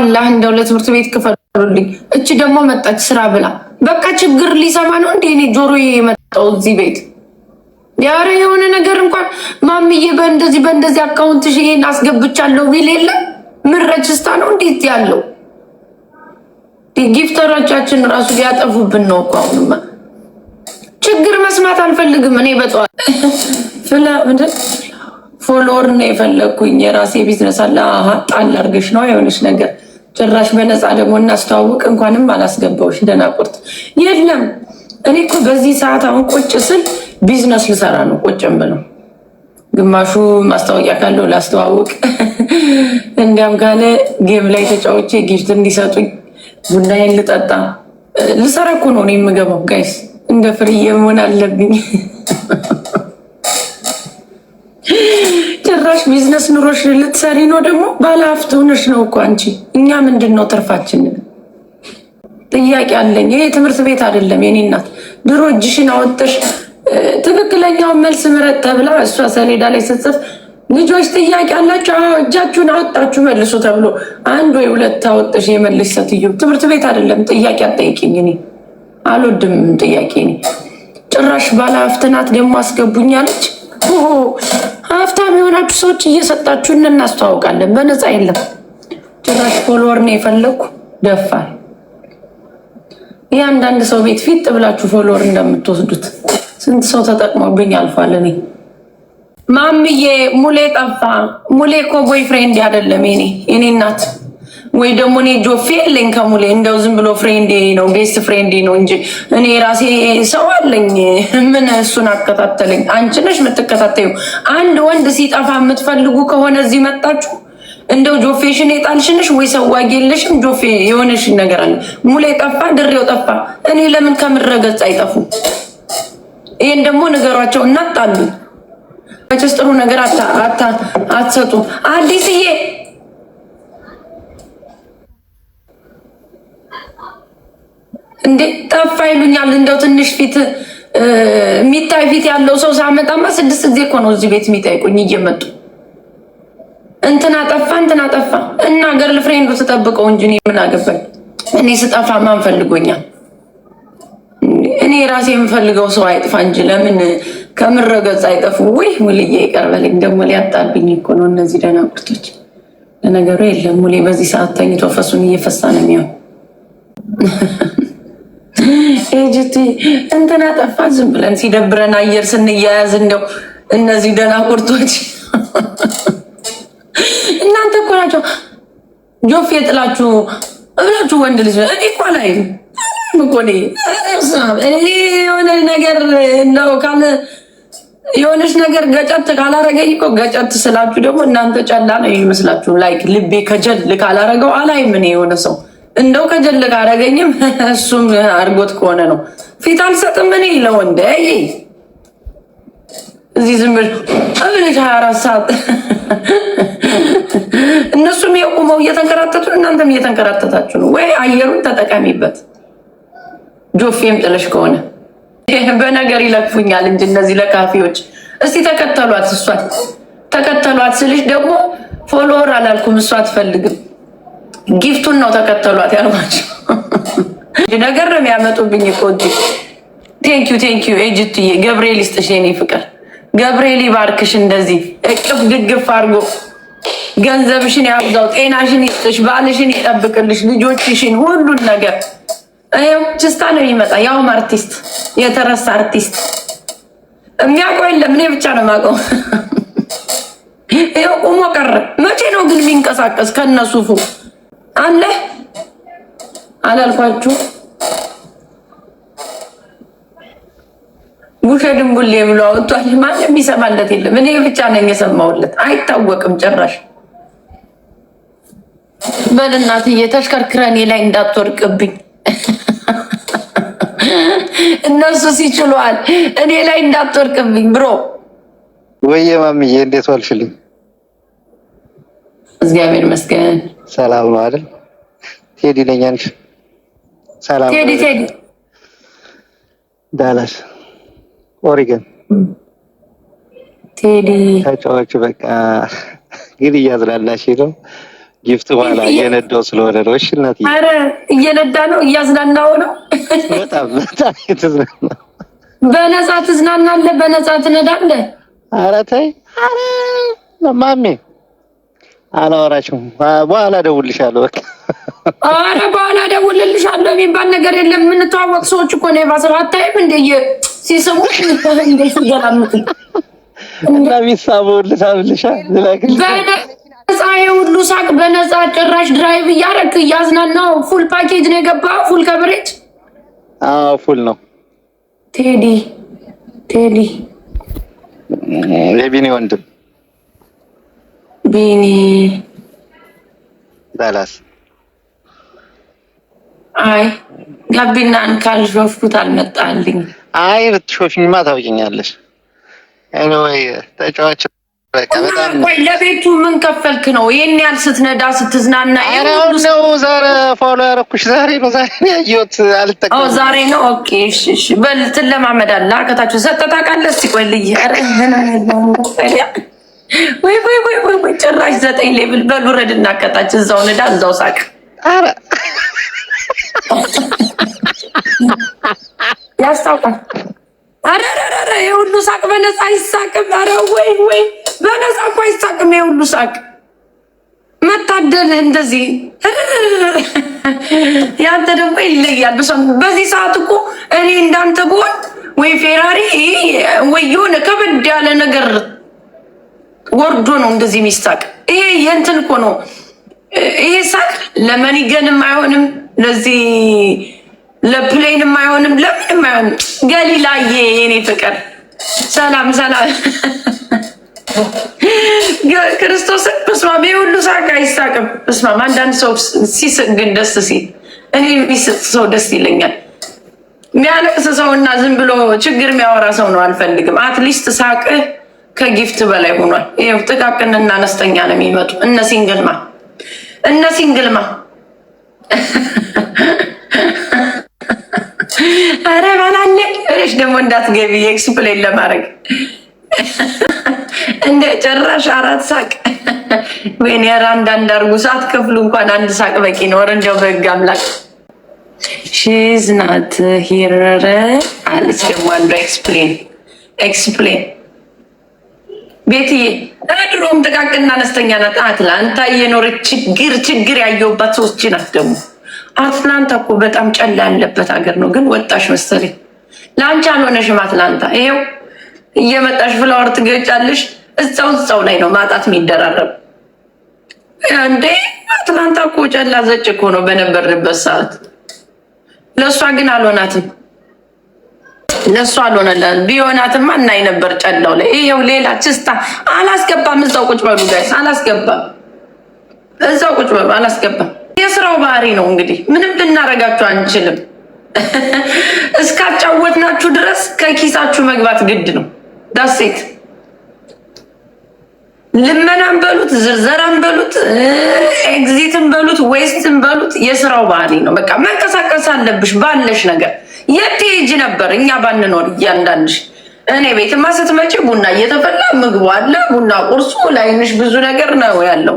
አላህ እንደው ለትምህርት ቤት ክፈሉልኝ። እች ደግሞ መጣች ስራ ብላ በቃ ችግር ሊሰማ ነው እንዴ? እኔ ጆሮ የመጣው እዚህ ቤት ያረ የሆነ ነገር እንኳን ማምዬ በእንደዚህ በእንደዚህ አካውንትሽ ይሄን አስገብቻለሁ ቢል የለ ምረችስታ ነው እንዴት ያለው ጊፍተሮቻችን ራሱ ሊያጠፉብን ነው እኮ አሁንማ። ችግር መስማት አልፈልግም እኔ በጠዋት ፍላ ምንድን ፎሎወር ነው የፈለግኩኝ የራሴ ቢዝነስ አለ ጣል አርገሽ ነው የሆነች ነገር ጭራሽ በነፃ ደግሞ እናስተዋውቅ እንኳንም አላስገባዎች ደናቁርት። የለም እኔ እኮ በዚህ ሰዓት አሁን ቁጭ ስል ቢዝነስ ልሰራ ነው ቁጭም ብለው ግማሹ ማስታወቂያ ካለው ላስተዋውቅ፣ እንዲያም ካለ ጌም ላይ ተጫዎቼ ጊፍት እንዲሰጡኝ ቡናዬን ልጠጣ ልሰራ እኮ ነው እኔ የምገባው። ጋይስ እንደ ፍርዬ መሆን አለብኝ። ቢዝነስ ኑሮሽ ልትሰሪ ነው ደግሞ ባለሀፍት ሆነሽ ነው እኮ አንቺ። እኛ ምንድን ነው ትርፋችን? ጥያቄ አለኝ። ይሄ ትምህርት ቤት አይደለም የኔ እናት። ድሮ እጅሽን አወጥተሽ ትክክለኛውን መልስ ምረጥ ተብላ እሷ ሰሌዳ ላይ ስጽፍ ልጆች ጥያቄ አላቸው እጃችሁን አወጣችሁ መልሱ ተብሎ አንድ ወይ ሁለት አወጥሽ የመልስ ሴትዮ። ትምህርት ቤት አይደለም ጥያቄ አጠይቅኝ እኔ አልወድም ጥያቄ። እኔ ጭራሽ ባለሀብት ናት ደግሞ አስገቡኛለች ሀብታም የሆናችሁ ሰዎች እየሰጣችሁ እናስተዋውቃለን። በነፃ የለም። ጭራሽ ፎሎወር ነው የፈለግኩ ደፋል። እያንዳንድ ሰው ቤት ፊት ብላችሁ ፎሎወር እንደምትወስዱት ስንት ሰው ተጠቅሞብኝ አልፏል። እኔ ማምዬ ሙሌ ጠፋ። ሙሌ እኮ ቦይፍሬንድ አይደለም የኔ የኔ እናት ወይ ደግሞ እኔ ጆፌ የለኝ ከሙሌ እንደው ዝም ብሎ ፍሬንዴ ነው ቤስት ፍሬንዴ ነው እንጂ እኔ ራሴ ሰው አለኝ። ምን እሱን አከታተለኝ? አንቺ ነሽ የምትከታተዩ። አንድ ወንድ ሲጠፋ የምትፈልጉ ከሆነ እዚህ መጣችሁ እንደው ጆፌሽን የጣልሽንሽ ወይ ሰዋጊ የለሽም። ጆፌ የሆነሽን ነገር አለ። ሙሌ ጠፋ፣ ድሬው ጠፋ። እኔ ለምን ከምረገጽ አይጠፉም? ይህን ደግሞ ነገሯቸው እናጣሉ። መቼስ ጥሩ ነገር አትሰጡ አዲስዬ እንዴ ጠፋ ይሉኛል። እንደው ትንሽ ፊት የሚታይ ፊት ያለው ሰው ሳመጣማ ስድስት ጊዜ እኮ ነው እዚህ ቤት የሚጠይቁኝ እየመጡ እንትና ጠፋ እንትና ጠፋ እና ገርል ፍሬንዱ ትጠብቀው እንጂ እኔ ምን አገባኝ። እኔ ስጠፋ ማን ፈልጎኛል? እኔ ራሴ የምፈልገው ሰው አይጥፋ እንጂ ለምን ከምረገጽ አይጠፉ ወይ? ሙልዬ ይቀርበልኝ ደግሞ ሊያጣብኝ እኮ ነው እነዚህ ደናቁርቶች። ለነገሩ የለም ሙሌ በዚህ ሰዓት ተኝቶ ፈሱን እየፈሳ ነው የሚሆን ኤጅቲ እንትና ጠፋ። ዝም ብለን ሲደብረን አየር ስንያያዝ እንደው እነዚህ ደናቁርቶች እናንተ እኮ ናቸው ጆፌ ጥላችሁ እብላችሁ ወንድ ልጅ እኔ እኮ ላይ ምኮኔ የሆነ ነገር እንደው ካለ የሆነች ነገር ገጨት ካላረገኝ እኮ ገጨት ስላችሁ ደግሞ እናንተ ጨላ ነው ይመስላችሁ። ላይክ ልቤ ከጀል ካላረገው አላይም እኔ የሆነ ሰው እንደው ከጀለግ አረገኝም እሱም አድርጎት ከሆነ ነው። ፊት አልሰጥም እኔ ለወንድ እዚህ ዝም ብለሽ ሀያ አራት ሰዓት እነሱም የቁመው እየተንከራተቱ እናንተም እየተንከራተታችሁ ነው። ወይ አየሩን ተጠቀሚበት። ጆፌም ጥለሽ ከሆነ በነገር ይለክፉኛል እንጂ እነዚህ ለካፊዎች እስቲ ተከተሏት። እሷ ተከተሏት ስልሽ ደግሞ ፎሎወር አላልኩም። እሷ አትፈልግም ጊፍቱን ነው ተከተሏት ያልኳቸው ነገር ነው የሚያመጡብኝ እኮ ቴንኪዩ ቴንኪዩ ኤጅትዬ ገብርኤል ይስጥሽ የኔ ፍቅር ገብርኤል ይባርክሽ እንደዚህ እቅፍ ድግፍ አድርጎ ገንዘብሽን ያብዛው ጤናሽን ይስጥሽ ባልሽን ይጠብቅልሽ ልጆችሽን ሁሉን ነገር ችስታ ነው የሚመጣ ያውም አርቲስት የተረሳ አርቲስት የሚያውቀው የለም እኔ ብቻ ነው የማውቀው ይኸው ቁሞ ቀረ መቼ ነው ግን የሚንቀሳቀስ ከነሱፉ አለ አላልኳችሁ? ውሸ ድንቡሌ ብሎ አወጥቷል። ማንም የሚሰማለት የለም። እኔ ብቻ ነኝ የሰማውለት። አይታወቅም ጭራሽ። በልናትዬ ተሽከርክረ እኔ ላይ እንዳትወርቅብኝ እነሱ ሲችሏል፣ እኔ ላይ እንዳትወርቅብኝ ብሮ ወየ ማምዬ፣ እንዴት ዋልሽልኝ? እግዚአብሔር ይመስገን። ሰላም ነው አይደል? ቴዲ ነኝ። አንቺ? ሰላም ቴዲ። ቴዲ ዳላስ ኦሪገን። ቴዲ ተጫዋች። በቃ ግን እያዝናናሽ ነው። ጊፍት በኋላ እየነዳው ስለሆነ ነው። እሺ እናትዬ፣ እየነዳ ነው እያዝናናው ነው። በጣም በጣም የተዝናና በነፃ ትዝናናለህ፣ በነፃ ትነዳለህ። ኧረ ተይ ኧረ ማሜ አላወራችሁም። በኋላ እደውልልሻለሁ። በቃ ኧረ በኋላ እደውልልሻለሁ የሚባል ነገር የለም። የምንተዋወቅ ሰዎች እኮ ነው። የባሰብ አታይም እንደ ሲስሙ እንደ ሲገላምጡ እና ሚሳበውን በነፃ የሁሉ ሳቅ በነፃ ጭራሽ ድራይቭ እያደረክ እያዝናናው። ፉል ፓኬጅ ነው የገባ። ፉል ከብሬጅ ፉል ነው። ቴዲ ቴዲ የቢኒ ወንድም ቢኒ በላት። አይ ጋቢናን ካልሾፍኩት አልመጣልኝ። አይ ብትሾፊኝማ ታውቂኛለሽ። ወይ ተጫዋች ለቤቱ ምን ከፈልክ ነው? ይህን ያህል ስትነዳ ስትዝናና ነው። ዛሬ ፎሎ ያደረኩሽ ዛሬ ነው። ዛሬ ያየሁት። ዛሬ ነው። ኦኬ በል ትለማመዳለህ። ወይ ወይ ወይ ወይ ወይ ጭራሽ ዘጠኝ ሌብል በሉ ረድ እናቀጣች እዛው ንዳ እዛው ሳቅ። ያስታውቃል። አረረረ የሁሉ ሳቅ በነፃ አይሳቅም። አረ ወይ ወይ በነፃ እኮ አይሳቅም የሁሉ ሳቅ። መታደል እንደዚህ ያንተ ደግሞ ይለያል። በዚህ ሰዓት እኮ እኔ እንዳንተ ብሆን ወይ ፌራሪ ወይ የሆነ ከበድ ያለ ነገር ወርዶ ነው እንደዚህ የሚሳቅ ይሄ የእንትን እኮ ነው ይሄ ሳቅ። ለመኒገንም አይሆንም፣ ለዚህ ለፕሌንም አይሆንም፣ ለምንም አይሆንም። ገሊላዬ የኔ ፍቅር ሰላም ሰላም ክርስቶስ በስማም ሁሉ ሳቅ አይሳቅም። በስማም አንዳንድ ሰው ሲስቅ ግን ደስ ሲል እኔ የሚስቅ ሰው ደስ ይለኛል። የሚያለቅስ ሰው እና ዝም ብሎ ችግር የሚያወራ ሰው ነው አልፈልግም። አትሊስት ሳቅህ ከጊፍት በላይ ሆኗል። ይኸው ጥቃቅንና አነስተኛ ነው የሚመጡ እነ ሲንግልማ እነ ሲንግልማ አረ ባላለ እሽ ደግሞ እንዳትገቢ ኤክስፕሌን ለማድረግ እንደ ጨራሽ አራት ሳቅ ወይኔ! ኧረ አንዳንድ አርጉ ሰዓት ክፍሉ እንኳን አንድ ሳቅ በቂ ነው። ኧረ እንደው በህግ አምላክ ሺዝ ናት ሂር አለች ደግሞ አንዱ ኤክስፕሌን ኤክስፕሌን ቤትዬ ድሮም ጥቃቅና አነስተኛ ናት። አትላንታ የኖረች ችግር ችግር ያየውባት ሰዎች ናት። ደግሞ አትላንታ እኮ በጣም ጨላ ያለበት ሀገር ነው፣ ግን ወጣሽ መሰለኝ። ለአንቺ አልሆነሽም አትላንታ። ይሄው እየመጣሽ ፍላወር ትገጫለሽ። እዛው እዛው ላይ ነው ማጣት የሚደራረብ እንዴ። አትላንታ እኮ ጨላ ዘጭ እኮ ነው በነበርንበት ሰዓት። ለእሷ ግን አልሆናትም። ለእሱ አልሆነለን። ቢሆናትማ እናይ ነበር። ጨላው ላይ ይኸው ሌላ ችስታ አላስገባም። እዛው ቁጭ በሉ ጋይስ፣ አላስገባም። እዛው ቁጭ በሉ አላስገባም። የስራው ባህሪ ነው እንግዲህ፣ ምንም ልናረጋችሁ አንችልም። እስካጫወትናችሁ ድረስ ከኪሳችሁ መግባት ግድ ነው። ዳሴት ልመናን በሉት ዝርዘራን በሉት ኤግዚትን በሉት ዌስትን በሉት የስራው ባህሪ ነው። በቃ መንቀሳቀስ አለብሽ ባለሽ ነገር የት ሄጅ ነበር እኛ ባንኖር እያንዳንድ እኔ ቤትማ ስትመጪ ቡና እየተፈላ ምግቡ አለ፣ ቡና ቁርሱ፣ ላይንሽ ብዙ ነገር ነው ያለው።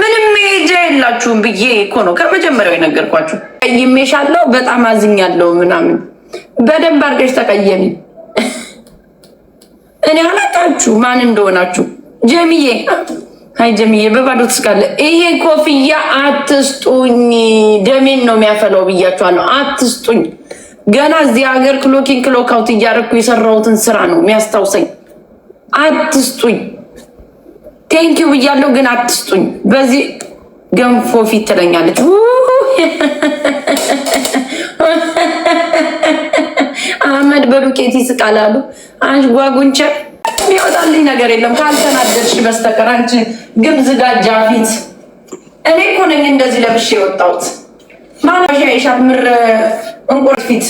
ምንም መሄጃ የላችሁም ብዬ እኮ ነው ከመጀመሪያው የነገርኳችሁ። ቀይሜሻለሁ፣ በጣም አዝኛለሁ ምናምን። በደንብ አድርገሽ ተቀየሚ። እኔ አላቃችሁ ማን እንደሆናችሁ። ጀሚዬ አይ ጀሚዬ በባዶ ትስቃለ። ይሄ ኮፍያ አትስጡኝ፣ ደሜን ነው የሚያፈላው ብያችኋለሁ። አትስጡኝ ገና እዚህ ሀገር ክሎኪን ክሎካውት እያደረግኩ የሰራሁትን ስራ ነው የሚያስታውሰኝ። አትስጡኝ፣ ቴንኪው ብያለሁ፣ ግን አትስጡኝ። በዚህ ገንፎ ፊት ትለኛለች። አህመድ በዱቄት ይስቃል አሉ። አንቺ ጓጉንቸ የሚወጣልኝ ነገር የለም ካልተናደድሽ በስተቀር አንቺ ግብዝ ጋጃ ፊት። እኔ እኮ ነኝ እንደዚህ ለብሼ የወጣሁት ማለሻ የሻምር እንቁልፊት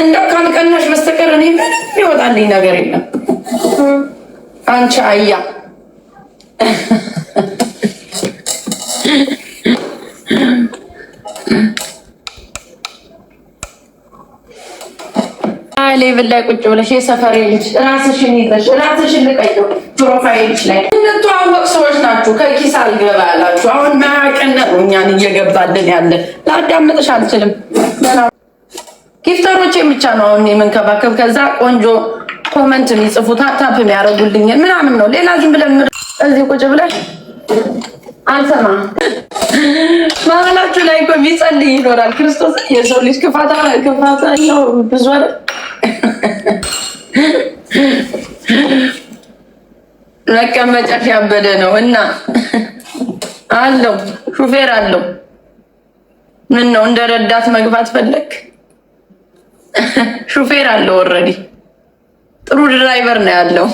እንደው ካልቀናሽ በስተቀር እኔ ምንም ይወጣልኝ ነገር የለም። አንቺ አያ ሌብል ላይ ቁጭ ብለሽ የሰፈሬ ልጅ ራስሽን ይዘሽ ራስሽን ልቀይው ፕሮፋይልሽ ላይ የማይታወቅ ሰዎች ናችሁ። ከኪስ አልገባ ያላችሁ አሁን ማያቀን ነው እኛን እየገባልን ያለ ላዳምጥሽ አልችልም። ኪፍተሮች ብቻ ነው አሁን የምንከባከብ። ከዛ ቆንጆ ኮመንት የሚጽፉ ታፕ የሚያደርጉልኝ ምናምን ነው። ሌላ ዝም ብለን እዚህ ቁጭ ብለን አልሰማ መሀላችሁ ላይ እኮ የሚጸልይ ይኖራል። ክርስቶስ የሰው ልጅ ክፋታ ክፋታ ነው ብዙ መቀመጫ ያበደ ነው እና አለው ሹፌር አለው። ምን ነው እንደ ረዳት መግባት ፈለግ? ሹፌር አለው። ኦልሬዲ ጥሩ ድራይቨር ነው ያለው።